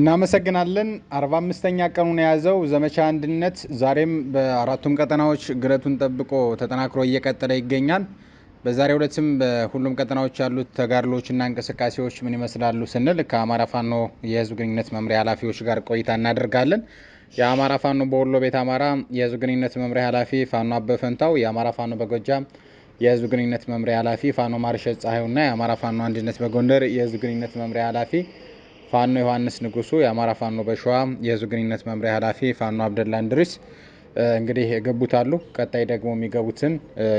እናመሰግናለን። አርባ አምስተኛ ቀኑን የያዘው ዘመቻ አንድነት ዛሬም በአራቱም ቀጠናዎች ግረቱን ጠብቆ ተጠናክሮ እየቀጠለ ይገኛል። በዛሬው ዕለትም በሁሉም ቀጠናዎች ያሉት ተጋድሎችና እንቅስቃሴዎች ምን ይመስላሉ ስንል ከአማራ ፋኖ የህዝብ ግንኙነት መምሪያ ኃላፊዎች ጋር ቆይታ እናደርጋለን። የአማራ ፋኖ በወሎ ቤት አማራ የህዝብ ግንኙነት መምሪያ ኃላፊ ፋኖ አበፈንታው፣ የአማራ ፋኖ በጎጃም የህዝብ ግንኙነት መምሪያ ኃላፊ ፋኖ ማርሸት ፀሐዩና የአማራ ፋኖ አንድነት በጎንደር የህዝብ ግንኙነት መምሪያ ኃላፊ ፋኖ ዮሐንስ ንጉሱ የአማራ ፋኖ በሸዋ የህዝብ ግንኙነት መምሪያ ኃላፊ ፋኖ አብደላ እንድሪስ እንግዲህ ገቡት አሉ። ቀጣይ ደግሞ የሚገቡትን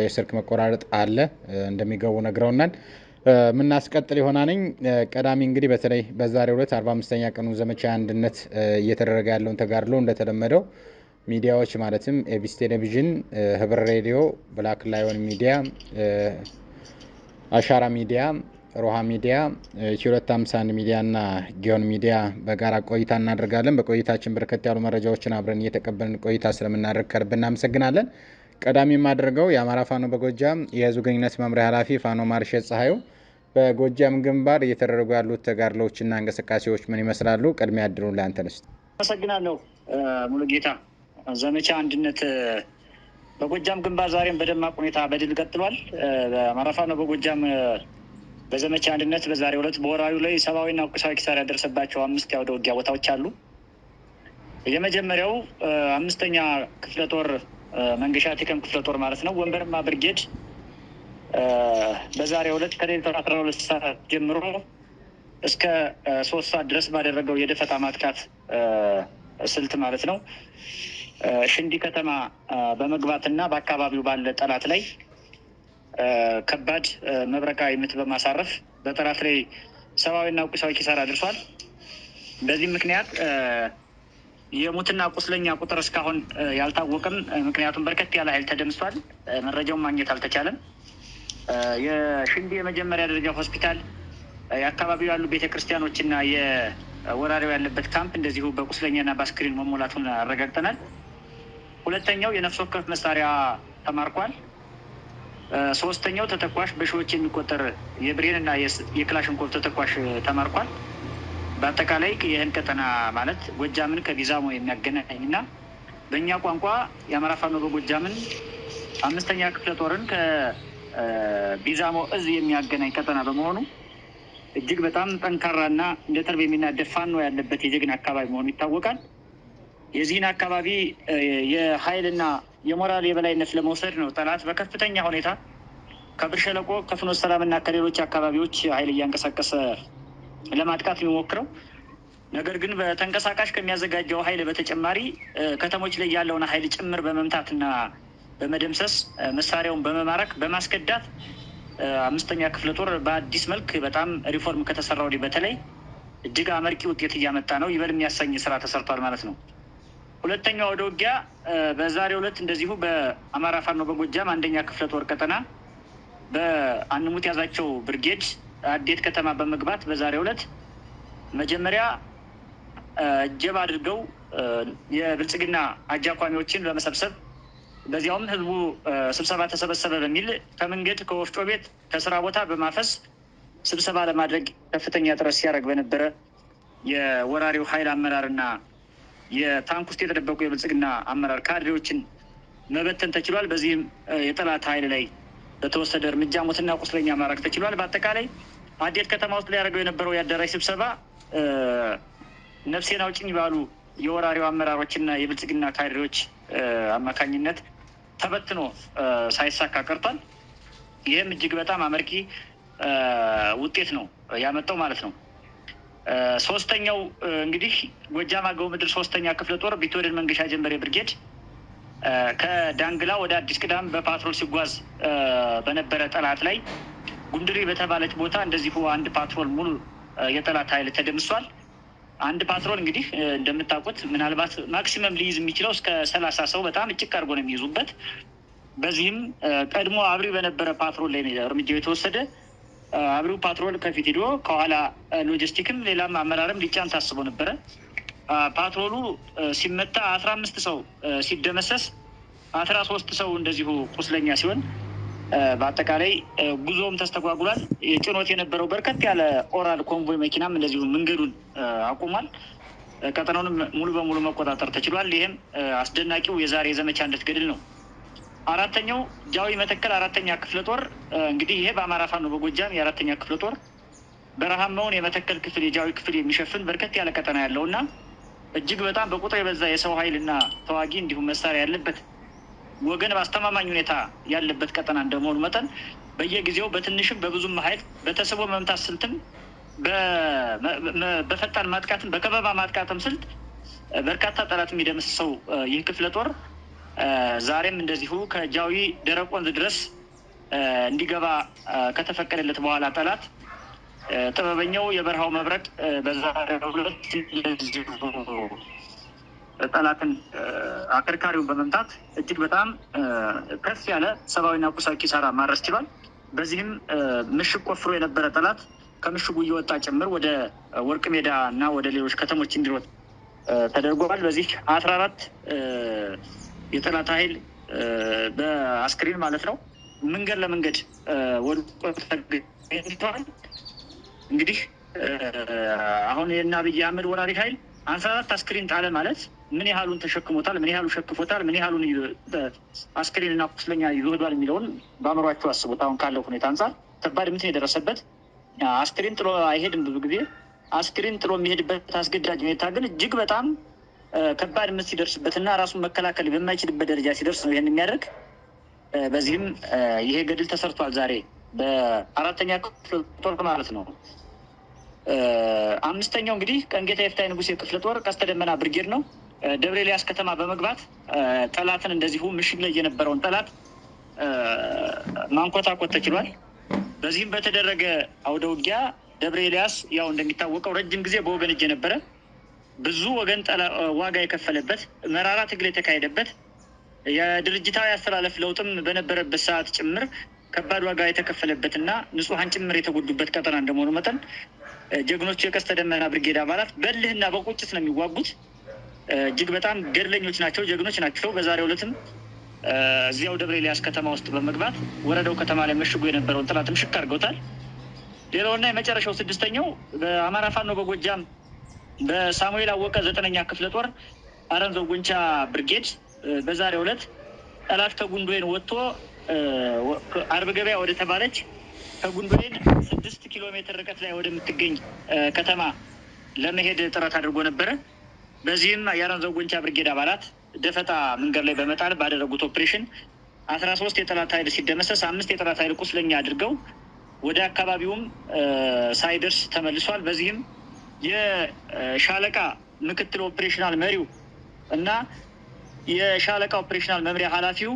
የስልክ መቆራረጥ አለ እንደሚገቡ ነግረውናል። የምናስቀጥል የሆና ነኝ ቀዳሚ እንግዲህ በተለይ በዛሬው ዕለት 45ኛ ቀኑ ዘመቻ አንድነት እየተደረገ ያለውን ተጋድሎ እንደተለመደው ሚዲያዎች ማለትም ኤቢስ ቴሌቪዥን፣ ህብር ሬዲዮ፣ ብላክ ላዮን ሚዲያ፣ አሻራ ሚዲያ ሮሃ ሚዲያ፣ ሺሁለት አምሳን ሚዲያ እና ጊዮን ሚዲያ በጋራ ቆይታ እናደርጋለን። በቆይታችን በርከት ያሉ መረጃዎችን አብረን እየተቀበልን ቆይታ ስለምናደርግ ከልብ እናመሰግናለን። ቀዳሚ የማደርገው የአማራ ፋኖ በጎጃም የህዝብ ግንኙነት መምሪያ ኃላፊ ፋኖ ማርሸት ፀሐዩ በጎጃም ግንባር እየተደረጉ ያሉት ተጋድሎዎች ተጋድሎዎችና እንቅስቃሴዎች ምን ይመስላሉ? ቅድሚያ እድሉን ለአንተ ነስት። አመሰግናለሁ ሙሉ ጌታ ዘመቻ አንድነት በጎጃም ግንባር ዛሬም በደማቅ ሁኔታ በድል ቀጥሏል። በአማራ ፋኖ በጎጃም በዘመቻ አንድነት በዛሬ ሁለት በወራዊ ላይ ሰብአዊና ቁሳዊ ኪሳራ ያደረሰባቸው አምስት ያወደ ውጊያ ቦታዎች አሉ። የመጀመሪያው አምስተኛ ክፍለ ጦር መንገሻ ቴከም ክፍለ ጦር ማለት ነው ወንበርማ ብርጌድ በዛሬ ሁለት ከሌሊቱ አስራ ሁለት ሰዓት ጀምሮ እስከ ሶስት ሰዓት ድረስ ባደረገው የደፈጣ ማጥቃት ስልት ማለት ነው ሽንዲ ከተማ በመግባትና በአካባቢው ባለ ጠላት ላይ ከባድ መብረቃዊ ምት በማሳረፍ በጥራጥሬ ሰብአዊና ቁሳዊ ኪሳራ ደርሷል። በዚህም ምክንያት የሙትና ቁስለኛ ቁጥር እስካሁን ያልታወቅም ምክንያቱም በርከት ያለ ኃይል ተደምሷል። መረጃውን ማግኘት አልተቻለም። የሽንቢ የመጀመሪያ ደረጃ ሆስፒታል፣ የአካባቢው ያሉ ቤተክርስቲያኖች እና የወራሪው ያለበት ካምፕ እንደዚሁ በቁስለኛና በአስክሬን መሞላቱን አረጋግጠናል። ሁለተኛው የነፍስ ወከፍ መሳሪያ ተማርኳል። ሶስተኛው ተተኳሽ በሺዎች የሚቆጠር የብሬን እና የክላሽንኮቭ ተተኳሽ ተማርኳል። በአጠቃላይ ይህን ቀጠና ማለት ጎጃምን ከቢዛሞ የሚያገናኝ እና በእኛ ቋንቋ የአማራ ፋኖ በጎጃምን አምስተኛ ክፍለ ጦርን ከቢዛሞ እዝ የሚያገናኝ ቀጠና በመሆኑ እጅግ በጣም ጠንካራ ጠንካራና እንደ ተርብ የሚናደፍ ፋኖ ያለበት የጀግና አካባቢ መሆኑ ይታወቃል። የዚህን አካባቢ የኃይልና የሞራል የበላይነት ለመውሰድ ነው። ጠላት በከፍተኛ ሁኔታ ከብር ሸለቆ ከፍኖተ ሰላምና ከሌሎች አካባቢዎች ኃይል እያንቀሳቀሰ ለማጥቃት የሚሞክረው ነገር ግን በተንቀሳቃሽ ከሚያዘጋጀው ኃይል በተጨማሪ ከተሞች ላይ ያለውን ኃይል ጭምር በመምታትና በመደምሰስ መሳሪያውን በመማረክ በማስገዳት አምስተኛ ክፍለ ጦር በአዲስ መልክ በጣም ሪፎርም ከተሰራ ወዲህ በተለይ እጅግ አመርቂ ውጤት እያመጣ ነው። ይበል የሚያሰኝ ስራ ተሰርቷል ማለት ነው። ሁለተኛው ወደ ውጊያ በዛሬው ዕለት እንደዚሁ በአማራ ፋኖ በጎጃም አንደኛ ክፍለ ጦር ቀጠና በአንሙት ያዛቸው ብርጌድ አዴት ከተማ በመግባት በዛሬው ዕለት መጀመሪያ እጀብ አድርገው የብልጽግና አጃቋሚዎችን በመሰብሰብ በዚያውም ህዝቡ ስብሰባ ተሰበሰበ በሚል ከመንገድ ከወፍጮ ቤት ከስራ ቦታ በማፈስ ስብሰባ ለማድረግ ከፍተኛ ጥረት ሲያደርግ በነበረ የወራሪው ኃይል አመራርና የታንክ ውስጥ የተደበቁ የብልጽግና አመራር ካድሬዎችን መበተን ተችሏል። በዚህም የጠላት ኃይል ላይ በተወሰደ እርምጃ ሞትና ቁስለኛ ማድረግ ተችሏል። በአጠቃላይ አዴት ከተማ ውስጥ ሊያደርገው የነበረው የአዳራሽ ስብሰባ ነፍሴን አውጪኝ ባሉ የወራሪው አመራሮችና የብልጽግና ካድሬዎች አማካኝነት ተበትኖ ሳይሳካ ቀርቷል። ይህም እጅግ በጣም አመርቂ ውጤት ነው ያመጣው ማለት ነው። ሶስተኛው እንግዲህ ጎጃም አገው ምድር ሶስተኛ ክፍለ ጦር ቢትወደድ መንገሻ ጀንበሬ ብርጌድ ከዳንግላ ወደ አዲስ ቅዳም በፓትሮል ሲጓዝ በነበረ ጠላት ላይ ጉንድሪ በተባለች ቦታ እንደዚሁ አንድ ፓትሮል ሙሉ የጠላት ኃይል ተደምሷል። አንድ ፓትሮል እንግዲህ እንደምታውቁት ምናልባት ማክሲመም ሊይዝ የሚችለው እስከ ሰላሳ ሰው በጣም እጭቅ አድርጎ ነው የሚይዙበት። በዚህም ቀድሞ አብሪ በነበረ ፓትሮል ላይ እርምጃው የተወሰደ አብሪው ፓትሮል ከፊት ሄዶ ከኋላ ሎጂስቲክም ሌላም አመራርም ሊጫን ታስቦ ነበረ። ፓትሮሉ ሲመታ አስራ አምስት ሰው ሲደመሰስ አስራ ሶስት ሰው እንደዚሁ ቁስለኛ ሲሆን በአጠቃላይ ጉዞም ተስተጓጉሏል። ጭኖት የነበረው በርከት ያለ ኦራል ኮንቮይ መኪናም እንደዚሁ መንገዱን አቁሟል። ቀጠናውንም ሙሉ በሙሉ መቆጣጠር ተችሏል። ይህም አስደናቂው የዛሬ የዘመቻ አንድነት ገድል ነው። አራተኛው ጃዊ መተከል አራተኛ ክፍለ ጦር እንግዲህ ይሄ በአማራ ፋኖ በጎጃም የአራተኛ ክፍለ ጦር በረሃማውን የመተከል ክፍል የጃዊ ክፍል የሚሸፍን በርከት ያለ ቀጠና ያለው እና እጅግ በጣም በቁጥር የበዛ የሰው ኃይል እና ተዋጊ እንዲሁም መሳሪያ ያለበት ወገን በአስተማማኝ ሁኔታ ያለበት ቀጠና እንደመሆኑ መጠን በየጊዜው በትንሽም በብዙም ኃይል በተስቦ መምታት ስልትም በፈጣን ማጥቃትም በከበባ ማጥቃትም ስልት በርካታ ጠላት ሰው ይህ ክፍለ ጦር ዛሬም እንደዚሁ ከጃዊ ደረቅ ወንዝ ድረስ እንዲገባ ከተፈቀደለት በኋላ ጠላት ጥበበኛው የበረሃው መብረቅ በዛሬው ዕለት እንደዚሁ ጠላትን አከርካሪውን በመምታት እጅግ በጣም ከፍ ያለ ሰብአዊና ቁሳዊ ኪሳራ ማድረስ ችሏል። በዚህም ምሽግ ቆፍሮ የነበረ ጠላት ከምሽጉ እየወጣ ጭምር ወደ ወርቅ ሜዳ እና ወደ ሌሎች ከተሞች እንዲሮጥ ተደርጓል። በዚህ አስራ አራት የጠላት ኃይል በአስክሪን ማለት ነው መንገድ ለመንገድ ወድቆ ተገኝተዋል። እንግዲህ አሁን የእነ አብይ አህመድ ወራሪ ኃይል አስራ አራት አስክሬን ጣለ ማለት ምን ያህሉን ተሸክሞታል፣ ምን ያህሉ ሸክፎታል፣ ምን ያህሉን አስክሪን እና ቁስለኛ ይወዷል የሚለውን በአእምሯቸው አስቡት። አሁን ካለው ሁኔታ አንጻር ከባድ ምትን የደረሰበት አስክሪን ጥሎ አይሄድም ብዙ ጊዜ አስክሪን ጥሎ የሚሄድበት አስገዳጅ ሁኔታ ግን እጅግ በጣም ከባድ ምት ሲደርስበትና ራሱን መከላከል በማይችልበት ደረጃ ሲደርስ ነው ይህን የሚያደርግ። በዚህም ይሄ ገድል ተሰርቷል። ዛሬ በአራተኛ ክፍለ ጦር ማለት ነው። አምስተኛው እንግዲህ ቀንጌታ የፍትሐ ንጉሥ የክፍለ ጦር ቀስተ ደመና ብርጌድ ነው። ደብረ ኤልያስ ከተማ በመግባት ጠላትን እንደዚሁ ምሽግ ላይ የነበረውን ጠላት ማንኮታኮት ተችሏል። በዚህም በተደረገ አውደ ውጊያ ደብረ ኤልያስ ያው እንደሚታወቀው ረጅም ጊዜ በወገን እጅ የነበረ። ብዙ ወገን ዋጋ የከፈለበት መራራ ትግል የተካሄደበት የድርጅታዊ አስተላለፍ ለውጥም በነበረበት ሰዓት ጭምር ከባድ ዋጋ የተከፈለበት እና ንጹሐን ጭምር የተጎዱበት ቀጠና እንደመሆኑ መጠን ጀግኖቹ የቀስተ ደመና ብርጌድ አባላት በልህና በቁጭት ነው የሚዋጉት። እጅግ በጣም ገድለኞች ናቸው፣ ጀግኖች ናቸው። በዛሬው ዕለትም እዚያው ደብረ ኤልያስ ከተማ ውስጥ በመግባት ወረዳው ከተማ ላይ መሽጎ የነበረውን ጥላትም ሽክ አድርገውታል። ሌላውና የመጨረሻው ስድስተኛው በአማራ ፋኖ በጎጃም በሳሙኤል አወቀ ዘጠነኛ ክፍለ ጦር አረንዘው ጉንቻ ብርጌድ በዛሬው ዕለት ጠላት ከጉንዶይን ወጥቶ አርብ ገበያ ወደ ተባለች ከጉንዶይን ስድስት ኪሎ ሜትር ርቀት ላይ ወደምትገኝ ከተማ ለመሄድ ጥረት አድርጎ ነበረ። በዚህም የአረንዘው ጉንቻ ብርጌድ አባላት ደፈጣ መንገድ ላይ በመጣል ባደረጉት ኦፕሬሽን አስራ ሶስት የጠላት ኃይል ሲደመሰስ አምስት የጠላት ኃይል ቁስለኛ አድርገው ወደ አካባቢውም ሳይደርስ ተመልሷል። በዚህም የሻለቃ ምክትል ኦፕሬሽናል መሪው እና የሻለቃ ኦፕሬሽናል መምሪያ ኃላፊው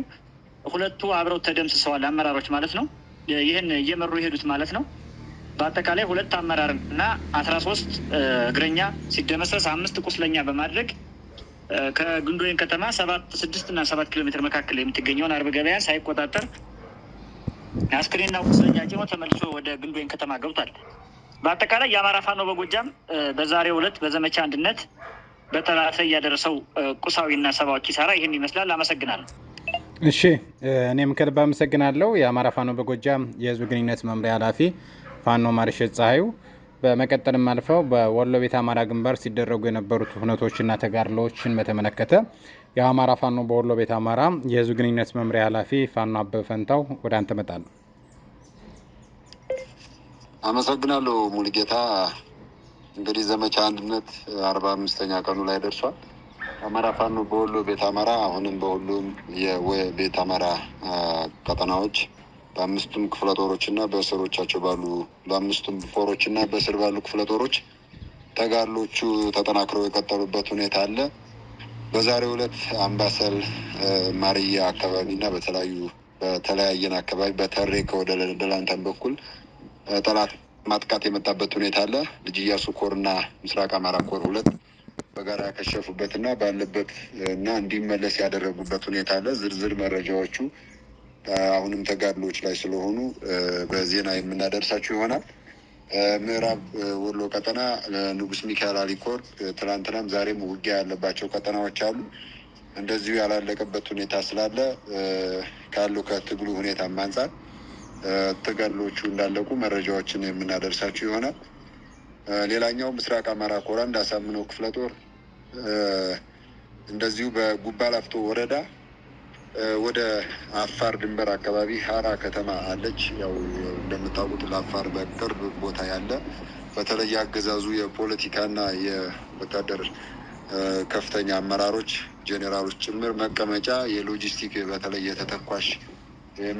ሁለቱ አብረው ተደምስሰዋል። አመራሮች ማለት ነው። ይህን እየመሩ የሄዱት ማለት ነው። በአጠቃላይ ሁለት አመራር እና አስራ ሶስት እግረኛ ሲደመሰስ አምስት ቁስለኛ በማድረግ ከግንዶይን ከተማ ሰባት ስድስት እና ሰባት ኪሎ ሜትር መካከል የምትገኘውን አርብ ገበያ ሳይቆጣጠር አስክሬንና ቁስለኛ ጭኖ ተመልሶ ወደ ግንዶይን ከተማ ገብቷል። በአጠቃላይ የአማራ ፋኖ በጎጃም በዛሬ ዕለት በዘመቻ አንድነት በጠላት እያደረሰው ያደረሰው ቁሳዊና ሰብአዊ ኪሳራ ይህን ይመስላል። አመሰግናለሁ። እሺ እኔም ከልብ አመሰግናለሁ። የአማራ ፋኖ በጎጃም የህዝብ ግንኙነት መምሪያ ኃላፊ ፋኖ ማርሸት ፀሐዩ። በመቀጠልም አልፈው በወሎ ቤት አማራ ግንባር ሲደረጉ የነበሩት ሁነቶችና ተጋድሎዎችን በተመለከተ የአማራ ፋኖ በወሎ ቤት አማራ የህዝብ ግንኙነት መምሪያ ኃላፊ ፋኖ አበበ ፈንታው ወደ አንተ መጣለሁ። አመሰግናለሁ ሙሉጌታ። እንግዲህ ዘመቻ አንድነት አርባ አምስተኛ ቀኑ ላይ ደርሷል። አማራ ፋኖ በወሎ ቤት አማራ አሁንም በሁሉም የቤት አማራ ቀጠናዎች በአምስቱም ክፍለ ጦሮች እና በስሮቻቸው ባሉ በአምስቱም ፎሮች እና በስር ባሉ ክፍለ ጦሮች ተጋሎቹ ተጠናክረው የቀጠሉበት ሁኔታ አለ። በዛሬው ዕለት አምባሰል ማርያ አካባቢ እና በተለያዩ በተለያየን አካባቢ በተሬ ከወደ ደላንተን በኩል ጠላት ማጥቃት የመጣበት ሁኔታ አለ። ልጅ እያሱ ኮር ምስራቅ አማራ ኮር ሁለት በጋራ ያከሸፉበት ባለበት እና እንዲመለስ ያደረጉበት ሁኔታ አለ። ዝርዝር መረጃዎቹ አሁንም ተጋድሎች ላይ ስለሆኑ በዜና የምናደርሳችሁ ይሆናል። ምዕራብ ወሎ ቀጠና ንጉስ ሚካኤል አሊኮር ትናንትናም ዛሬም ውጊያ ያለባቸው ቀጠናዎች አሉ። እንደዚሁ ያላለቀበት ሁኔታ ስላለ ካለው ከትግሉ ሁኔታም አንጻር ተጋድሎቹ እንዳለቁ መረጃዎችን የምናደርሳችሁ ይሆናል። ሌላኛው ምስራቅ አማራ ኮር እንዳሳምነው ክፍለ ጦር እንደዚሁ በጉባ ላፍቶ ወረዳ ወደ አፋር ድንበር አካባቢ ሀራ ከተማ አለች። ያው እንደምታውቁት ለአፋር በቅርብ ቦታ ያለ በተለይ አገዛዙ የፖለቲካና የወታደር ከፍተኛ አመራሮች ጄኔራሎች ጭምር መቀመጫ የሎጂስቲክ በተለይ የተተኳሽ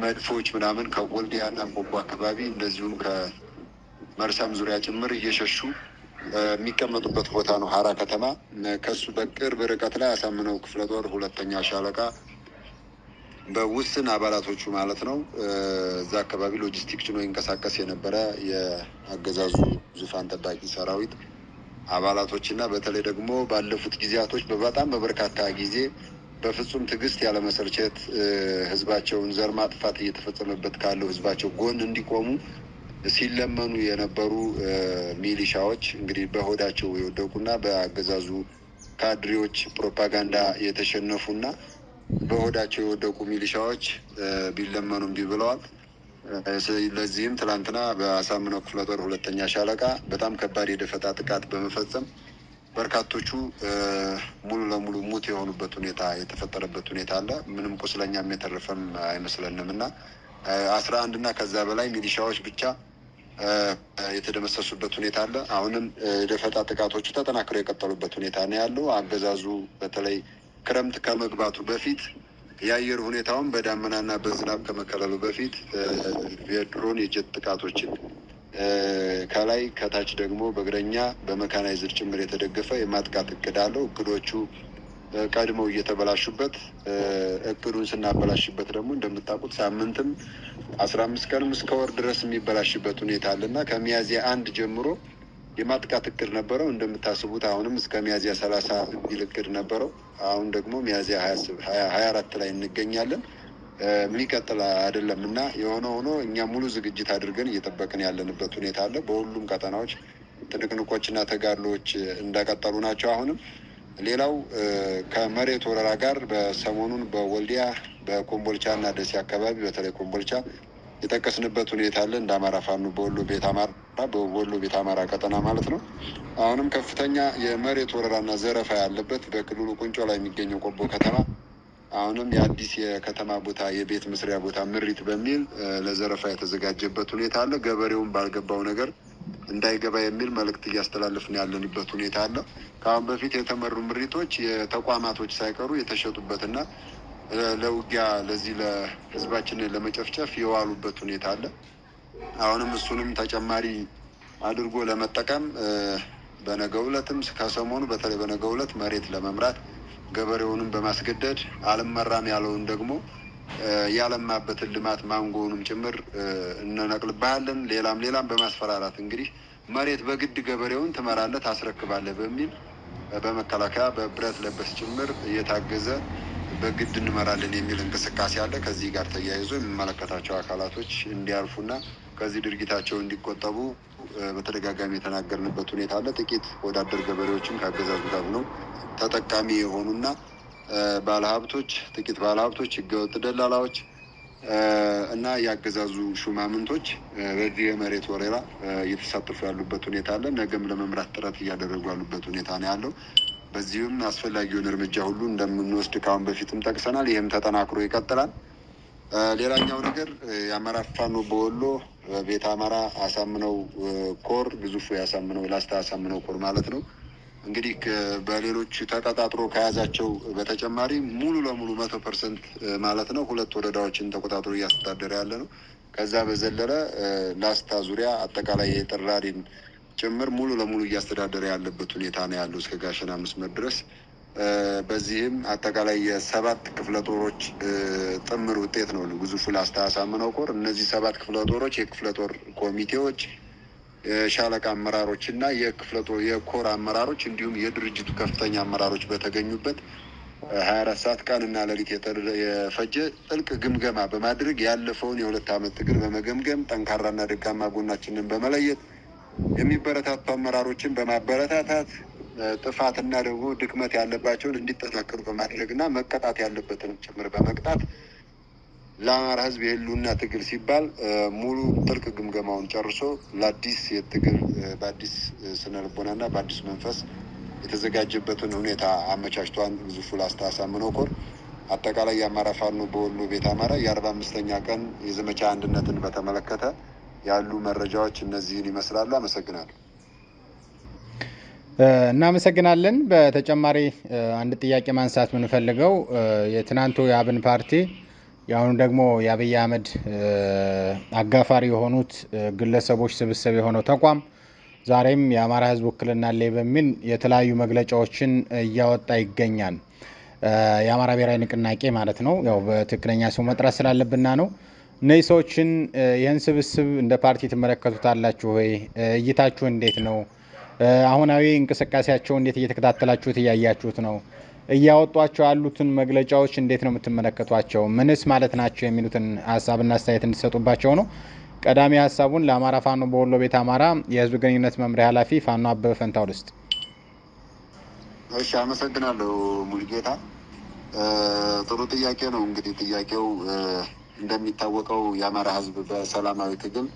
መድፎች ምናምን ከወልዲያና ቆቦ አካባቢ እንደዚሁም ከመርሳም ዙሪያ ጭምር እየሸሹ የሚቀመጡበት ቦታ ነው ሀራ ከተማ። ከሱ በቅርብ ርቀት ላይ አሳምነው ክፍለ ጦር ሁለተኛ ሻለቃ በውስን አባላቶቹ ማለት ነው እዛ አካባቢ ሎጂስቲክ ጭኖ ይንቀሳቀስ የነበረ የአገዛዙ ዙፋን ጠባቂ ሰራዊት አባላቶች እና በተለይ ደግሞ ባለፉት ጊዜያቶች በጣም በበርካታ ጊዜ በፍጹም ትዕግስት ያለመሰልቸት ህዝባቸውን ዘር ማጥፋት እየተፈጸመበት ካለው ህዝባቸው ጎን እንዲቆሙ ሲለመኑ የነበሩ ሚሊሻዎች እንግዲህ በሆዳቸው የወደቁና በአገዛዙ ካድሬዎች ፕሮፓጋንዳ የተሸነፉና በሆዳቸው የወደቁ ሚሊሻዎች ቢለመኑ እምቢ ብለዋል። ለዚህም ትላንትና በአሳምነው ክፍለ ጦር ሁለተኛ ሻለቃ በጣም ከባድ የደፈጣ ጥቃት በመፈጸም በርካቶቹ ሙሉ ለሙሉ ሙት የሆኑበት ሁኔታ የተፈጠረበት ሁኔታ አለ። ምንም ቁስለኛም የተረፈም አይመስለንም እና አስራ አንድ እና ከዛ በላይ ሚሊሻዎች ብቻ የተደመሰሱበት ሁኔታ አለ። አሁንም የደፈጣ ጥቃቶቹ ተጠናክረው የቀጠሉበት ሁኔታ ነው ያለው። አገዛዙ በተለይ ክረምት ከመግባቱ በፊት የአየር ሁኔታውን በዳመናና በዝናብ ከመከለሉ በፊት የድሮን የጀት ጥቃቶችን ከላይ ከታች ደግሞ በእግረኛ በመካናይዝድ ጭምር የተደገፈ የማጥቃት እቅድ አለው። እቅዶቹ ቀድመው እየተበላሹበት እቅዱን ስናበላሽበት ደግሞ እንደምታውቁት ሳምንትም አስራ አምስት ቀንም እስከ ወር ድረስ የሚበላሽበት ሁኔታ አለ እና ከሚያዚያ አንድ ጀምሮ የማጥቃት እቅድ ነበረው። እንደምታስቡት አሁንም እስከ ሚያዚያ ሰላሳ የሚል እቅድ ነበረው። አሁን ደግሞ ሚያዚያ ሀያ አራት ላይ እንገኛለን። Eh, የሚቀጥል አይደለም እና የሆነ ሆኖ እኛ ሙሉ ዝግጅት አድርገን እየጠበቅን ያለንበት ሁኔታ አለ። በሁሉም ቀጠናዎች ትንቅንቆችና ተጋድሎዎች እንዳቀጠሉ ናቸው። አሁንም ሌላው eh, ከመሬት ወረራ ጋር በሰሞኑን በወልዲያ በኮምቦልቻ እና ደሴ አካባቢ በተለይ ኮምቦልቻ የጠቀስንበት ሁኔታ አለ። እንደ አማራ ፋኑ በወሎ ቤት አማራ በወሎ ቤት አማራ ቀጠና ማለት ነው። አሁንም ከፍተኛ የመሬት ወረራና ዘረፋ ያለበት በክልሉ ቁንጮ ላይ የሚገኘው ቆቦ ከተማ አሁንም የአዲስ የከተማ ቦታ የቤት መስሪያ ቦታ ምሪት በሚል ለዘረፋ የተዘጋጀበት ሁኔታ አለ። ገበሬውን ባልገባው ነገር እንዳይገባ የሚል መልእክት እያስተላለፍን ያለንበት ሁኔታ አለ። ከአሁን በፊት የተመሩ ምሪቶች የተቋማቶች ሳይቀሩ የተሸጡበትና ለውጊያ ለዚህ ለህዝባችንን ለመጨፍጨፍ የዋሉበት ሁኔታ አለ። አሁንም እሱንም ተጨማሪ አድርጎ ለመጠቀም በነገ ዕለትም ከሰሞኑ በተለይ በነገ ዕለት መሬት ለመምራት ገበሬውንም በማስገደድ አልመራም ያለውን ደግሞ ያለማበትን ልማት ማንጎውንም ጭምር እነነቅልባለን ሌላም ሌላም በማስፈራራት እንግዲህ መሬት በግድ ገበሬውን ትመራለህ ታስረክባለህ በሚል በመከላከያ በብረት ለበስ ጭምር እየታገዘ በግድ እንመራለን የሚል እንቅስቃሴ አለ። ከዚህ ጋር ተያይዞ የሚመለከታቸው አካላቶች እንዲያርፉና ከዚህ ድርጊታቸው እንዲቆጠቡ በተደጋጋሚ የተናገርንበት ሁኔታ አለ። ጥቂት ወዳደር ገበሬዎችም ከአገዛዙ ጋር ሆነው ተጠቃሚ የሆኑና ባለሀብቶች፣ ጥቂት ባለሀብቶች፣ ህገወጥ ደላላዎች እና የአገዛዙ ሹማምንቶች በዚህ የመሬት ወረራ እየተሳተፉ ያሉበት ሁኔታ አለ። ነገም ለመምራት ጥረት እያደረጉ ያሉበት ሁኔታ ነው ያለው። በዚህም አስፈላጊውን እርምጃ ሁሉ እንደምንወስድ ከአሁን በፊትም ጠቅሰናል። ይህም ተጠናክሮ ይቀጥላል። ሌላኛው ነገር የአማራ ፋኖ በወሎ በቤት አማራ አሳምነው ኮር ግዙፉ ያሳምነው ላስታ አሳምነው ኮር ማለት ነው። እንግዲህ በሌሎች ተቀጣጥሮ ከያዛቸው በተጨማሪ ሙሉ ለሙሉ መቶ ፐርሰንት ማለት ነው ሁለት ወረዳዎችን ተቆጣጥሮ እያስተዳደረ ያለ ነው። ከዛ በዘለለ ላስታ ዙሪያ አጠቃላይ የጥራሪን ጭምር ሙሉ ለሙሉ እያስተዳደረ ያለበት ሁኔታ ነው ያለው እስከ ጋሸና መስመር ድረስ በዚህም አጠቃላይ የሰባት ክፍለ ጦሮች ጥምር ውጤት ነው ግዙፉ ላስታ አሳምነው ኮር። እነዚህ ሰባት ክፍለ ጦሮች የክፍለ ጦር ኮሚቴዎች፣ የሻለቃ አመራሮች እና የክፍለ ጦር የኮር አመራሮች እንዲሁም የድርጅቱ ከፍተኛ አመራሮች በተገኙበት ሀያ አራት ሰዓት እና ሌሊት የፈጀ ጥልቅ ግምገማ በማድረግ ያለፈውን የሁለት ዓመት ትግል በመገምገም ጠንካራና ደካማ ጎናችንን በመለየት የሚበረታቱ አመራሮችን በማበረታታት ጥፋትና ደግሞ ድክመት ያለባቸውን እንዲጠናከሩ በማድረግ እና መቀጣት ያለበትን ጭምር በመቅጣት ለአማራ ህዝብ የህልውና ትግል ሲባል ሙሉ ጥልቅ ግምገማውን ጨርሶ ለአዲስ የትግል በአዲስ ስነልቦናና በአዲስ መንፈስ የተዘጋጀበትን ሁኔታ አመቻችቷን ግዙፉ ላስታ አሳምነው ኮር አጠቃላይ የአማራ ፋኖ በወሎ ቤት አማራ የአርባ አምስተኛ ቀን የዘመቻ አንድነትን በተመለከተ ያሉ መረጃዎች እነዚህን ይመስላሉ። አመሰግናለሁ። እናመሰግናለን። በተጨማሪ አንድ ጥያቄ ማንሳት የምንፈልገው የትናንቱ የአብን ፓርቲ የአሁኑ ደግሞ የአብይ አህመድ አጋፋሪ የሆኑት ግለሰቦች ስብስብ የሆነው ተቋም ዛሬም የአማራ ሕዝብ ውክልና ላይ በሚል የተለያዩ መግለጫዎችን እያወጣ ይገኛል። የአማራ ብሔራዊ ንቅናቄ ማለት ነው። ያው በትክክለኛ ሰው መጥራት ስላለብና ነው። እነዚህ ሰዎችን ይህን ስብስብ እንደ ፓርቲ ትመለከቱታላችሁ ወይ? እይታችሁ እንዴት ነው? አሁናዊ እንቅስቃሴያቸው እንዴት እየተከታተላችሁት እያያችሁት ነው? እያወጧቸው ያሉትን መግለጫዎች እንዴት ነው የምትመለከቷቸው? ምንስ ማለት ናቸው የሚሉትን ሀሳብና አስተያየት እንዲሰጡባቸው ነው። ቀዳሚ ሀሳቡን ለአማራ ፋኖ በወሎ ቤት አማራ የህዝብ ግንኙነት መምሪያ ኃላፊ ፋኖ አበበ ፈንታው ልስጥ። እሺ፣ አመሰግናለሁ ሙልጌታ። ጥሩ ጥያቄ ነው። እንግዲህ ጥያቄው እንደሚታወቀው የአማራ ህዝብ በሰላማዊ ትግል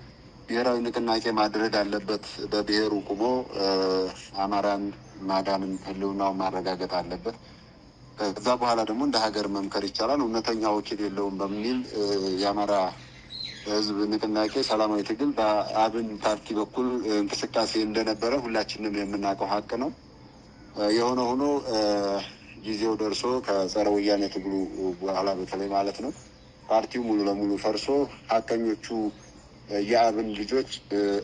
ብሔራዊ ንቅናቄ ማድረግ አለበት። በብሔሩ ቁሞ አማራን ማዳንን ህልውናውን ማረጋገጥ አለበት። ከዛ በኋላ ደግሞ እንደ ሀገር መምከር ይቻላል። እውነተኛ ወኪል የለውም በሚል የአማራ ህዝብ ንቅናቄ ሰላማዊ ትግል በአብን ፓርቲ በኩል እንቅስቃሴ እንደነበረ ሁላችንም የምናውቀው ሀቅ ነው። የሆነ ሆኖ ጊዜው ደርሶ ከጸረ ወያኔ ትግሉ በኋላ በተለይ ማለት ነው ፓርቲው ሙሉ ለሙሉ ፈርሶ ሀቀኞቹ የአብን ልጆች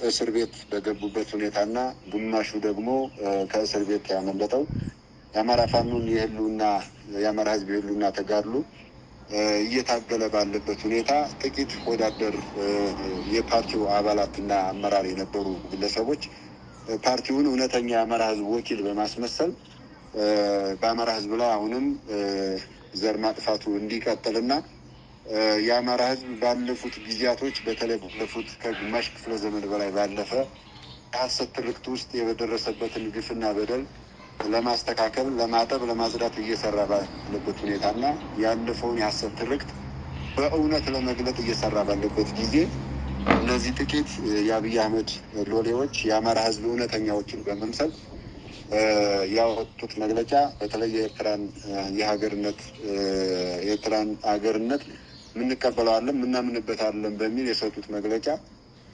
እስር ቤት በገቡበት ሁኔታና ግማሹ ደግሞ ከእስር ቤት ያመለጠው የአማራ ፋኖን የህልውና የአማራ ህዝብ የህልውና ተጋድሎ እየታገለ ባለበት ሁኔታ ጥቂት ወዳደር የፓርቲው አባላትና አመራር የነበሩ ግለሰቦች ፓርቲውን እውነተኛ የአማራ ህዝብ ወኪል በማስመሰል በአማራ ህዝብ ላይ አሁንም ዘር ማጥፋቱ እንዲቀጥልና የአማራ ህዝብ ባለፉት ጊዜያቶች በተለይ ባለፉት ከግማሽ ክፍለ ዘመን በላይ ባለፈ የሀሰት ትርክት ውስጥ የደረሰበትን ግፍና በደል ለማስተካከል ለማጠብ፣ ለማጽዳት እየሰራ ባለበት ሁኔታና ያለፈውን የሀሰት ትርክት በእውነት ለመግለጥ እየሰራ ባለበት ጊዜ እነዚህ ጥቂት የአብይ አህመድ ሎሌዎች የአማራ ህዝብ እውነተኛዎችን በመምሰል ያወጡት መግለጫ በተለይ የኤርትራን የሀገርነት የኤርትራን ሀገርነት የምንቀበለዋለን የምናምንበታለን በሚል የሰጡት መግለጫ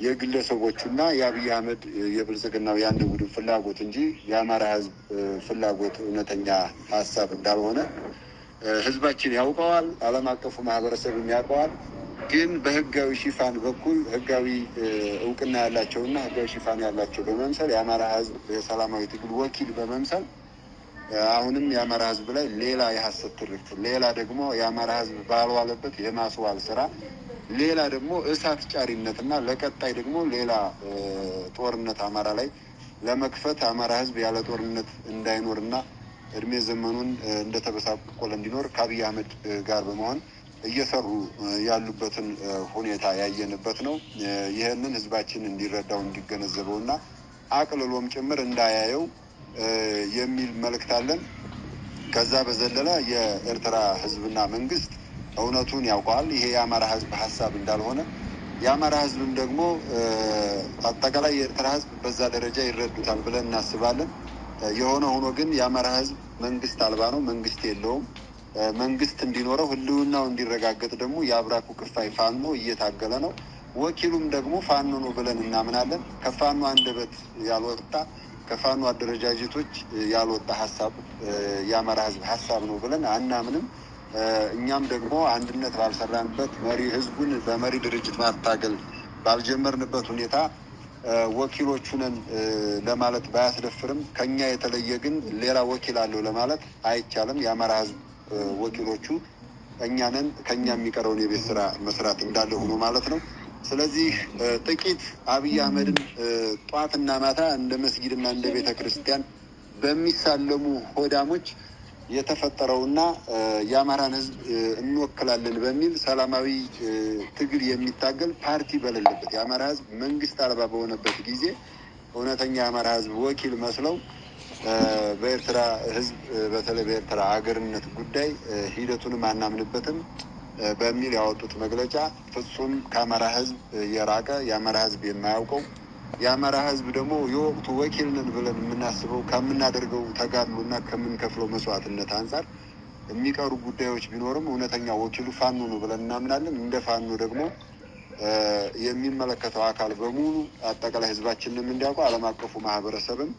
የግለሰቦችና የአብይ አህመድ የብልጽግናው የአንድ ቡድን ፍላጎት እንጂ የአማራ ህዝብ ፍላጎት እውነተኛ ሀሳብ እንዳልሆነ ህዝባችን ያውቀዋል፣ ዓለም አቀፉ ማህበረሰብም ያውቀዋል። ግን በህጋዊ ሽፋን በኩል ህጋዊ እውቅና ያላቸውና ህጋዊ ሽፋን ያላቸው በመምሰል የአማራ ህዝብ የሰላማዊ ትግል ወኪል በመምሰል አሁንም የአማራ ህዝብ ላይ ሌላ የሀሰት ትርክት፣ ሌላ ደግሞ የአማራ ህዝብ ባልዋለበት የማስዋል ስራ፣ ሌላ ደግሞ እሳት ጫሪነት እና ለቀጣይ ደግሞ ሌላ ጦርነት አማራ ላይ ለመክፈት አማራ ህዝብ ያለ ጦርነት እንዳይኖርና እድሜ ዘመኑን እንደተበሳቆለ እንዲኖር ከአብይ አህመድ ጋር በመሆን እየሰሩ ያሉበትን ሁኔታ ያየንበት ነው። ይህንን ህዝባችን እንዲረዳው እንዲገነዘበውና አቅልሎም ጭምር እንዳያየው የሚል መልእክት አለን። ከዛ በዘለለ የኤርትራ ህዝብና መንግስት እውነቱን ያውቀዋል። ይሄ የአማራ ህዝብ ሀሳብ እንዳልሆነ የአማራ ህዝብም ደግሞ አጠቃላይ የኤርትራ ህዝብ በዛ ደረጃ ይረዱታል ብለን እናስባለን። የሆነ ሆኖ ግን የአማራ ህዝብ መንግስት አልባ ነው፣ መንግስት የለውም። መንግስት እንዲኖረው ህልውናው እንዲረጋገጥ ደግሞ የአብራኩ ክፋይ ፋኖ እየታገለ ነው። ወኪሉም ደግሞ ፋኖ ነው ብለን እናምናለን። ከፋኖ አንደበት ያልወጣ ከፋኖ አደረጃጀቶች ያልወጣ ሀሳብ የአማራ ህዝብ ሀሳብ ነው ብለን አናምንም። እኛም ደግሞ አንድነት ባልሰራንበት መሪ ህዝቡን በመሪ ድርጅት ማታገል ባልጀመርንበት ሁኔታ ወኪሎቹ ነን ለማለት ባያስደፍርም ከኛ የተለየ ግን ሌላ ወኪል አለው ለማለት አይቻልም። የአማራ ህዝብ ወኪሎቹ እኛንን ከኛ የሚቀረውን የቤት ስራ መስራት እንዳለ ሆኖ ማለት ነው። ስለዚህ ጥቂት አብይ አህመድን ጠዋትና ማታ እንደ መስጊድና እንደ ቤተ ክርስቲያን በሚሳለሙ ሆዳሞች የተፈጠረውና የአማራን ህዝብ እንወክላለን በሚል ሰላማዊ ትግል የሚታገል ፓርቲ በሌለበት የአማራ ህዝብ መንግስት አልባ በሆነበት ጊዜ እውነተኛ የአማራ ህዝብ ወኪል መስለው በኤርትራ ህዝብ በተለይ በኤርትራ አገርነት ጉዳይ ሂደቱንም አናምንበትም በሚል ያወጡት መግለጫ ፍጹም ከአማራ ህዝብ የራቀ የአማራ ህዝብ የማያውቀው የአማራ ህዝብ ደግሞ የወቅቱ ወኪል ነን ብለን የምናስበው ከምናደርገው እና ከምንከፍለው መስዋዕትነት አንጻር የሚቀሩ ጉዳዮች ቢኖርም እውነተኛ ወኪሉ ፋኖ ነው ብለን እናምናለን። እንደ ፋኖ ደግሞ የሚመለከተው አካል በሙሉ አጠቃላይ ህዝባችንንም እንዲያውቁ ዓለም አቀፉ ማህበረሰብም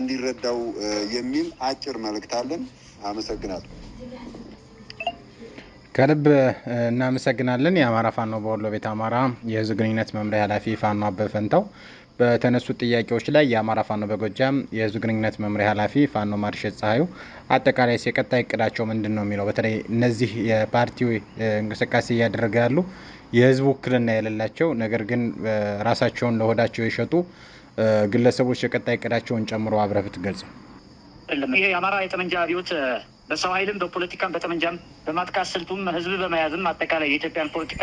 እንዲረዳው የሚል አጭር መልእክት አለን። አመሰግናለሁ። ከልብ እናመሰግናለን። የአማራ ፋኖ በወሎ ቤት አማራ የህዝብ ግንኙነት መምሪያ ኃላፊ ፋኖ አበበ ፈንታው በተነሱት ጥያቄዎች ላይ የአማራ ፋኖ በጎጃም የህዝብ ግንኙነት መምሪያ ኃላፊ ፋኖ ማርሸት ፀሐዩ አጠቃላይ የቀጣይ እቅዳቸው ምንድን ነው የሚለው በተለይ እነዚህ የፓርቲ እንቅስቃሴ እያደረገ ያሉ የህዝብ ውክልና የሌላቸው ነገር ግን ራሳቸውን ለሆዳቸው የሸጡ ግለሰቦች የቀጣይ እቅዳቸውን ጨምሮ አብረህ ብትገልጽ። ይሄ የአማራ የጠመንጃ አብዮት በሰው ኃይልም በፖለቲካም በጠመንጃም በማጥቃት ስልቱም ህዝብ በመያዝም አጠቃላይ የኢትዮጵያን ፖለቲካ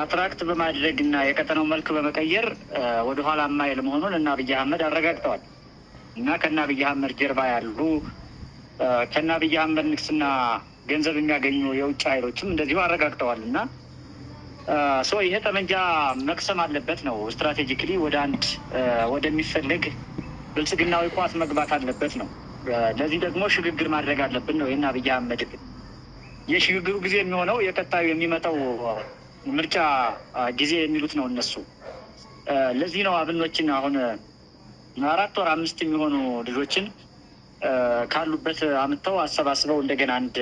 አትራክት በማድረግና የቀጠናው መልክ በመቀየር ወደኋላ ማይል መሆኑን እና አብይ አህመድ አረጋግጠዋል እና ከና አብይ አህመድ ጀርባ ያሉ ከና አብይ አህመድ ንግስና ገንዘብ የሚያገኙ የውጭ ኃይሎችም እንደዚሁ አረጋግጠዋል እና ይሄ ጠመንጃ መቅሰም አለበት ነው። ስትራቴጂክሊ ወደ አንድ ወደሚፈለግ ብልጽግናዊ ቋት መግባት አለበት ነው። ለዚህ ደግሞ ሽግግር ማድረግ አለብን ነው ይህን አብይ አህመድ የሽግግሩ ጊዜ የሚሆነው የቀጣዩ የሚመጣው ምርጫ ጊዜ የሚሉት ነው እነሱ። ለዚህ ነው አብኖችን አሁን አራት ወር አምስት የሚሆኑ ልጆችን ካሉበት አምጥተው አሰባስበው እንደገና አንድ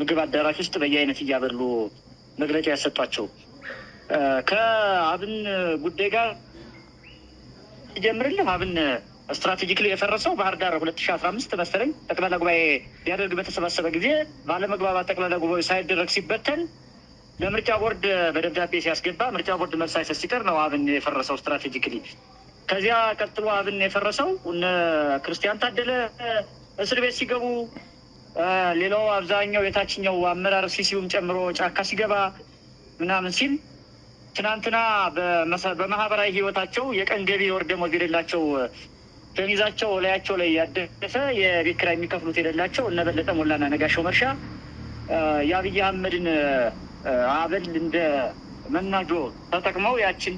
ምግብ አዳራሽ ውስጥ በየአይነት እያበሉ መግለጫ ያሰጧቸው። ከአብን ጉዳይ ጋር ጀምርልህ አብን ስትራቴጂክሊ የፈረሰው ባህር ዳር ሁለት ሺ አስራ አምስት መሰለኝ ጠቅላላ ጉባኤ ሊያደርግ በተሰባሰበ ጊዜ ባለመግባባት ጠቅላላ ጉባኤ ሳይደረግ ሲበተን ለምርጫ ቦርድ በደብዳቤ ሲያስገባ ምርጫ ቦርድ መልስ ሳይሰጥ ሲቀር ነው አብን የፈረሰው ስትራቴጂክሊ። ከዚያ ቀጥሎ አብን የፈረሰው እነ ክርስቲያን ታደለ እስር ቤት ሲገቡ፣ ሌላው አብዛኛው የታችኛው አመራር ሲሲዩም ጨምሮ ጫካ ሲገባ ምናምን ሲል ትናንትና በማህበራዊ ህይወታቸው የቀን ገቢ ወር ደሞዝ የሌላቸው ሸሚዛቸው ላያቸው ላይ ያደሰ የቤት ኪራይ የሚከፍሉት የሌላቸው እነ በለጠ ሞላና ነጋሾ መርሻ የአብይ አህመድን አበል እንደ መናጆ ተጠቅመው ያችን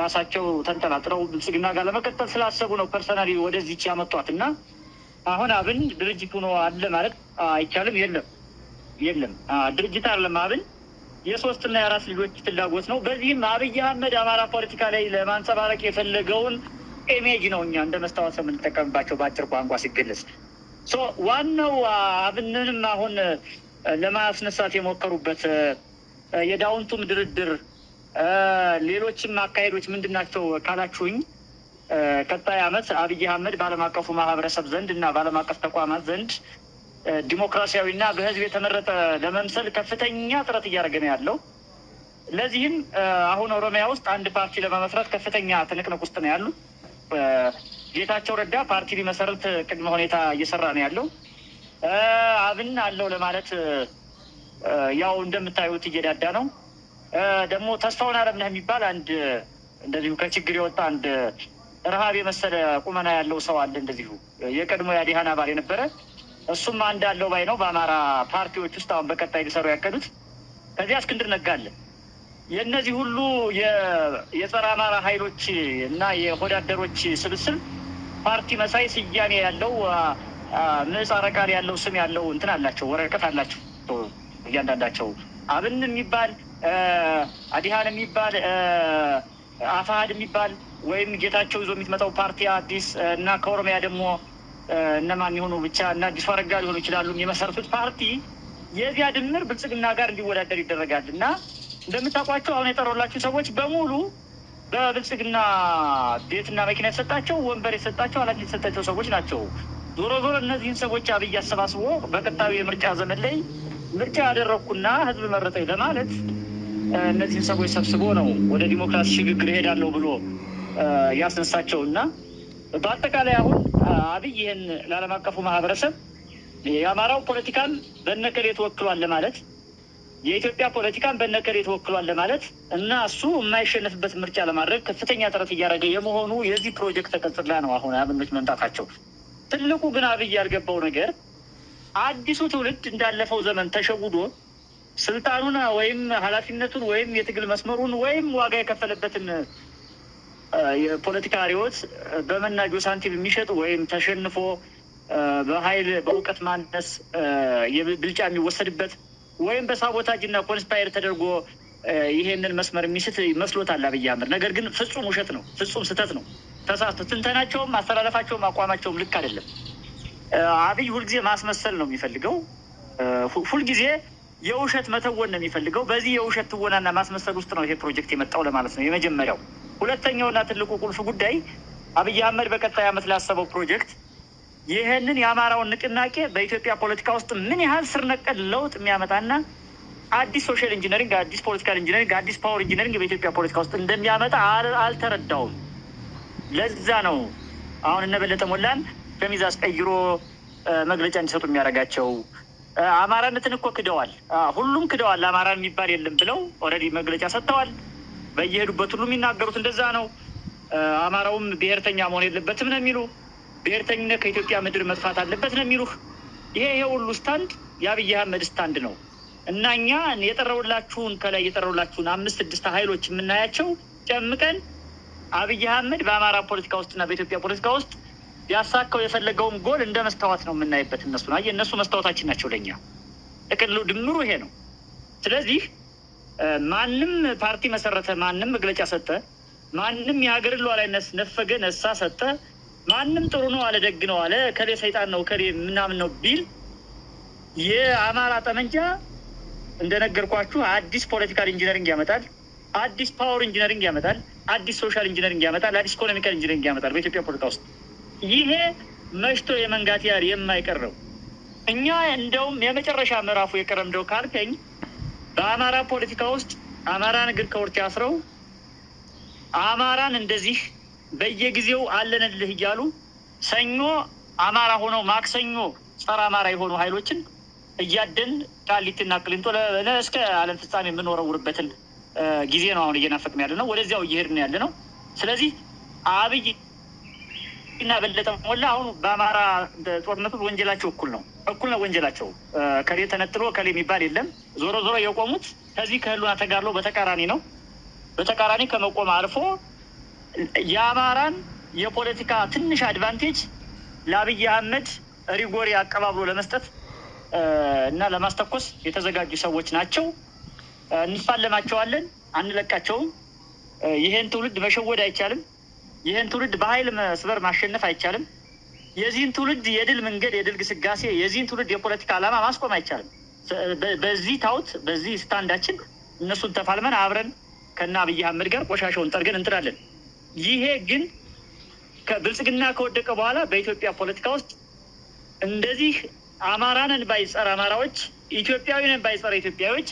ራሳቸው ተንጠላጥረው ብልጽግና ጋር ለመቀጠል ስላሰቡ ነው ፐርሰናሊ ወደዚች ያመጧት እና አሁን አብን ድርጅት ሆኖ አለ ማለት አይቻልም። የለም የለም፣ ድርጅት አለም አብን የሶስትና የአራት ልጆች ፍላጎት ነው። በዚህም አብይ አህመድ አማራ ፖለቲካ ላይ ለማንጸባረቅ የፈለገውን ኢሜጅ ነው እኛ እንደ መስታወት የምንጠቀምባቸው በአጭር ቋንቋ ሲገለጽ ዋናው አብንንም አሁን ለማስነሳት የሞከሩበት የዳውንቱም ድርድር ሌሎችም አካሄዶች ምንድን ናቸው ካላችሁኝ ቀጣይ ዓመት አብይ አህመድ በአለም አቀፉ ማህበረሰብ ዘንድ እና በአለም አቀፍ ተቋማት ዘንድ ዲሞክራሲያዊና በህዝብ የተመረጠ ለመምሰል ከፍተኛ ጥረት እያደረገ ነው ያለው። ለዚህም አሁን ኦሮሚያ ውስጥ አንድ ፓርቲ ለመመስረት ከፍተኛ ትንቅንቅ ውስጥ ነው ያሉ። ጌታቸው ረዳ ፓርቲ ሊመሰረት ቅድመ ሁኔታ እየሰራ ነው ያለው። አብን አለው ለማለት ያው እንደምታዩት እየዳዳ ነው። ደግሞ ተስፋውን አለምነህ የሚባል አንድ እንደዚሁ ከችግር የወጣ አንድ ረሃብ የመሰለ ቁመና ያለው ሰው አለ። እንደዚሁ የቀድሞ የአዲሃን አባል የነበረ እሱም አንድ አለው ባይ ነው። በአማራ ፓርቲዎች ውስጥ አሁን በቀጣይ ሊሰሩ ያቀዱት ከዚያ እስክንድር ነጋለን የእነዚህ ሁሉ የጸረ አማራ ኃይሎች እና የሆዳደሮች ስብስብ ፓርቲ መሳይ ስያሜ ያለው ምህጻረ ቃል ያለው ስም ያለው እንትን አላቸው፣ ወረቀት አላቸው። እያንዳንዳቸው አብን የሚባል አዲሃን የሚባል አፋሀድ የሚባል ወይም ጌታቸው ይዞ የሚትመጣው ፓርቲ አዲስ እና ከኦሮሚያ ደግሞ እነማን የሆኑ ብቻ እና አዲሱ አረጋ ሊሆኑ ይችላሉ የመሰረቱት ፓርቲ የዚያ ድምር ብልጽግና ጋር እንዲወዳደር ይደረጋል እና እንደምታውቋቸው አሁን የጠሩላችሁ ሰዎች በሙሉ በብልጽግና ቤትና መኪና የሰጣቸው ወንበር የሰጣቸው ኃላፊነት የሰጣቸው ሰዎች ናቸው። ዞሮ ዞሮ እነዚህን ሰዎች አብይ አሰባስቦ በቀጣዩ የምርጫ ዘመን ላይ ምርጫ ያደረግኩና ህዝብ መረጠኝ ለማለት እነዚህን ሰዎች ሰብስቦ ነው ወደ ዲሞክራሲ ሽግግር እሄዳለሁ ብሎ ያስነሳቸው እና በአጠቃላይ አሁን አብይ ይህን ለዓለም አቀፉ ማህበረሰብ የአማራው ፖለቲካን በነከሌ ተወክሏል ለማለት የኢትዮጵያ ፖለቲካን በነከሬ ተወክሏል ለማለት እና እሱ የማይሸነፍበት ምርጫ ለማድረግ ከፍተኛ ጥረት እያደረገ የመሆኑ የዚህ ፕሮጀክት ተቀጽላ ነው አሁን አብኖች መምጣታቸው። ትልቁ ግን አብይ ያልገባው ነገር አዲሱ ትውልድ እንዳለፈው ዘመን ተሸውዶ ስልጣኑን ወይም ኃላፊነቱን ወይም የትግል መስመሩን ወይም ዋጋ የከፈለበትን የፖለቲካ ሪዎት በመናጆ ሳንቲም የሚሸጥ ወይም ተሸንፎ በኃይል በእውቀት ማነስ ብልጫ የሚወሰድበት ወይም በሳቦታጅና ኮንስፓየር ተደርጎ ይሄንን መስመር የሚስት ይመስሎታል አብይ አህመድ። ነገር ግን ፍጹም ውሸት ነው፣ ፍጹም ስህተት ነው። ተሳስቶ ትንተናቸውም፣ አስተላለፋቸውም፣ አቋማቸውም ልክ አይደለም። አብይ ሁልጊዜ ማስመሰል ነው የሚፈልገው። ሁልጊዜ የውሸት መተወን ነው የሚፈልገው። በዚህ የውሸት ትወናና ማስመሰል ውስጥ ነው ይሄ ፕሮጀክት የመጣው ለማለት ነው የመጀመሪያው። ሁለተኛውና ትልቁ ቁልፍ ጉዳይ አብይ አህመድ በቀጣይ ዓመት ላሰበው ፕሮጀክት ይህንን የአማራውን ንቅናቄ በኢትዮጵያ ፖለቲካ ውስጥ ምን ያህል ስር ነቀል ለውጥ የሚያመጣና አዲስ ሶሻል ኢንጂነሪንግ፣ አዲስ ፖለቲካል ኢንጂነሪንግ፣ አዲስ ፓወር ኢንጂነሪንግ በኢትዮጵያ ፖለቲካ ውስጥ እንደሚያመጣ አልተረዳውም። ለዛ ነው አሁን እነ በለጠ ሞላን ሸሚዝ አስቀይሮ መግለጫ እንዲሰጡ የሚያደርጋቸው። አማራነትን እኮ ክደዋል፣ ሁሉም ክደዋል፣ አማራ የሚባል የለም ብለው ኦልሬዲ መግለጫ ሰጥተዋል። በየሄዱበት ሁሉ የሚናገሩት እንደዛ ነው። አማራውም ብሔርተኛ መሆን የለበትም ነው የሚሉ ብሔርተኝነት ከኢትዮጵያ ምድር መጥፋት አለበት ነው የሚሉህ። ይሄ ይሄ ሁሉ ስታንድ የአብይ አህመድ ስታንድ ነው እና እኛ የጠረውላችሁን ከላይ የጠረውላችሁን አምስት ስድስት ሀይሎች የምናያቸው ጨምቀን አብይ አህመድ በአማራ ፖለቲካ ውስጥና በኢትዮጵያ ፖለቲካ ውስጥ ያሳካው የፈለገውን ጎል እንደ መስታወት ነው የምናይበት። እነሱ ና እነሱ መስታወታችን ናቸው ለእኛ። ጥቅሉ ድምሩ ይሄ ነው። ስለዚህ ማንም ፓርቲ መሰረተ፣ ማንም መግለጫ ሰጠ፣ ማንም የሀገርን ሉዓላዊነት ነፈገ፣ ነሳ፣ ሰጠ ማንም ጥሩ ነው አለ፣ ደግ ነው አለ፣ ከሌ ሰይጣን ነው ከሌ ምናምን ነው ቢል የአማራ ጠመንጃ እንደነገርኳችሁ አዲስ ፖለቲካል ኢንጂነሪንግ ያመጣል፣ አዲስ ፓወር ኢንጂነሪንግ ያመጣል፣ አዲስ ሶሻል ኢንጂነሪንግ ያመጣል፣ አዲስ ኢኮኖሚካል ኢንጂነሪንግ ያመጣል። በኢትዮጵያ ፖለቲካ ውስጥ ይሄ መሽቶ የመንጋት ያር የማይቀር ነው። እኛ እንደውም የመጨረሻ ምዕራፉ የቀረ እንደው ካልከኝ በአማራ ፖለቲካ ውስጥ አማራን እግር ከወርች አስረው አማራን እንደዚህ በየጊዜው አለንልህ እያሉ ሰኞ አማራ ሆነው ማክሰኞ ጸረ አማራ የሆኑ ሀይሎችን እያደን ቃሊቲና ቅሊንጦ እስከ ዓለም ፍጻሜ የምንወረውርበትን ጊዜ ነው አሁን እየናፈቅን ያለ ነው። ወደዚያው እየሄድን ያለ ነው። ስለዚህ አብይ እና በለጠ ሞላ አሁን በአማራ ጦርነቱ ወንጀላቸው እኩል ነው፣ እኩል ነው ወንጀላቸው። ከሌ ተነጥሎ ከሌ የሚባል የለም። ዞሮ ዞሮ የቆሙት ከዚህ ከህሉና ተጋድሎ በተቃራኒ ነው። በተቃራኒ ከመቆም አልፎ የአማራን የፖለቲካ ትንሽ አድቫንቴጅ ለአብይ አህመድ ሪጎሪ አቀባብሎ ለመስጠት እና ለማስተኮስ የተዘጋጁ ሰዎች ናቸው። እንፋለማቸዋለን፣ አንለቃቸውም። ይህን ትውልድ መሸወድ አይቻልም። ይህን ትውልድ በኃይል መስበር ማሸነፍ አይቻልም። የዚህን ትውልድ የድል መንገድ፣ የድል ግስጋሴ፣ የዚህን ትውልድ የፖለቲካ ዓላማ ማስቆም አይቻልም። በዚህ ታውት በዚህ ስታንዳችን እነሱን ተፋልመን አብረን ከና አብይ አህመድ ጋር ቆሻሻውን ጠርገን እንጥላለን። ይሄ ግን ከብልጽግና ከወደቀ በኋላ በኢትዮጵያ ፖለቲካ ውስጥ እንደዚህ አማራንን ባይ ጸረ አማራዎች፣ ኢትዮጵያዊንን ባይ ጸረ ኢትዮጵያዎች፣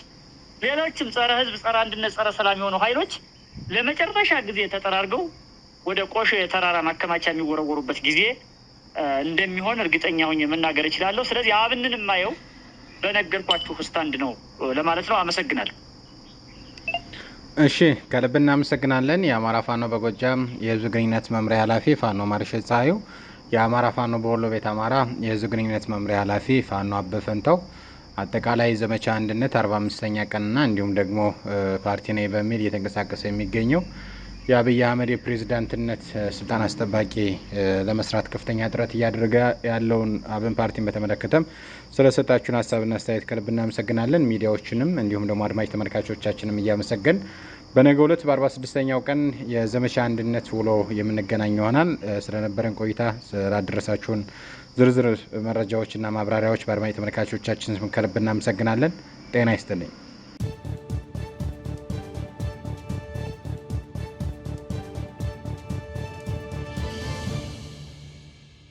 ሌሎችም ጸረ ህዝብ ጸረ አንድነት፣ ጸረ ሰላም የሆኑ ኃይሎች ለመጨረሻ ጊዜ ተጠራርገው ወደ ቆሾ የተራራ ማከማቻ የሚወረወሩበት ጊዜ እንደሚሆን እርግጠኛ ሆኜ መናገር እችላለሁ። ስለዚህ አብንን የማየው በነገርኳችሁ ውስጥ አንድ ነው ለማለት ነው። አመሰግናለሁ። እሺ ከልብ እናመሰግናለን። የአማራ ፋኖ በጎጃም የህዝብ ግንኙነት መምሪያ ኃላፊ ፋኖ ማርሽ ፀሐዩ፣ የአማራ ፋኖ በወሎ ቤት አማራ የህዝብ ግንኙነት መምሪያ ኃላፊ ፋኖ አበፈንተው አጠቃላይ ዘመቻ አንድነት 45ኛ ቀንና እንዲሁም ደግሞ ፓርቲ ነኝ በሚል እየተንቀሳቀሰ የሚገኘው የአብይ አህመድ የፕሬዝዳንትነት ስልጣን አስጠባቂ ለመስራት ከፍተኛ ጥረት እያደረገ ያለውን አብን ፓርቲን በተመለከተም ስለሰጣችሁን ሀሳብና አስተያየት ከልብ እናመሰግናለን። ሚዲያዎችንም እንዲሁም ደግሞ አድማጭ ተመልካቾቻችንም እያመሰገን በነገ ሁለት በ ኛው ቀን የዘመቻ አንድነት ውሎ የምንገናኝ ይሆናል። ስለነበረን ቆይታ ስላደረሳችሁን ዝርዝር መረጃዎችና ማብራሪያዎች በአድማጭ ተመልካቾቻችን ከልብ እናመሰግናለን። ጤና ይስጥልኝ።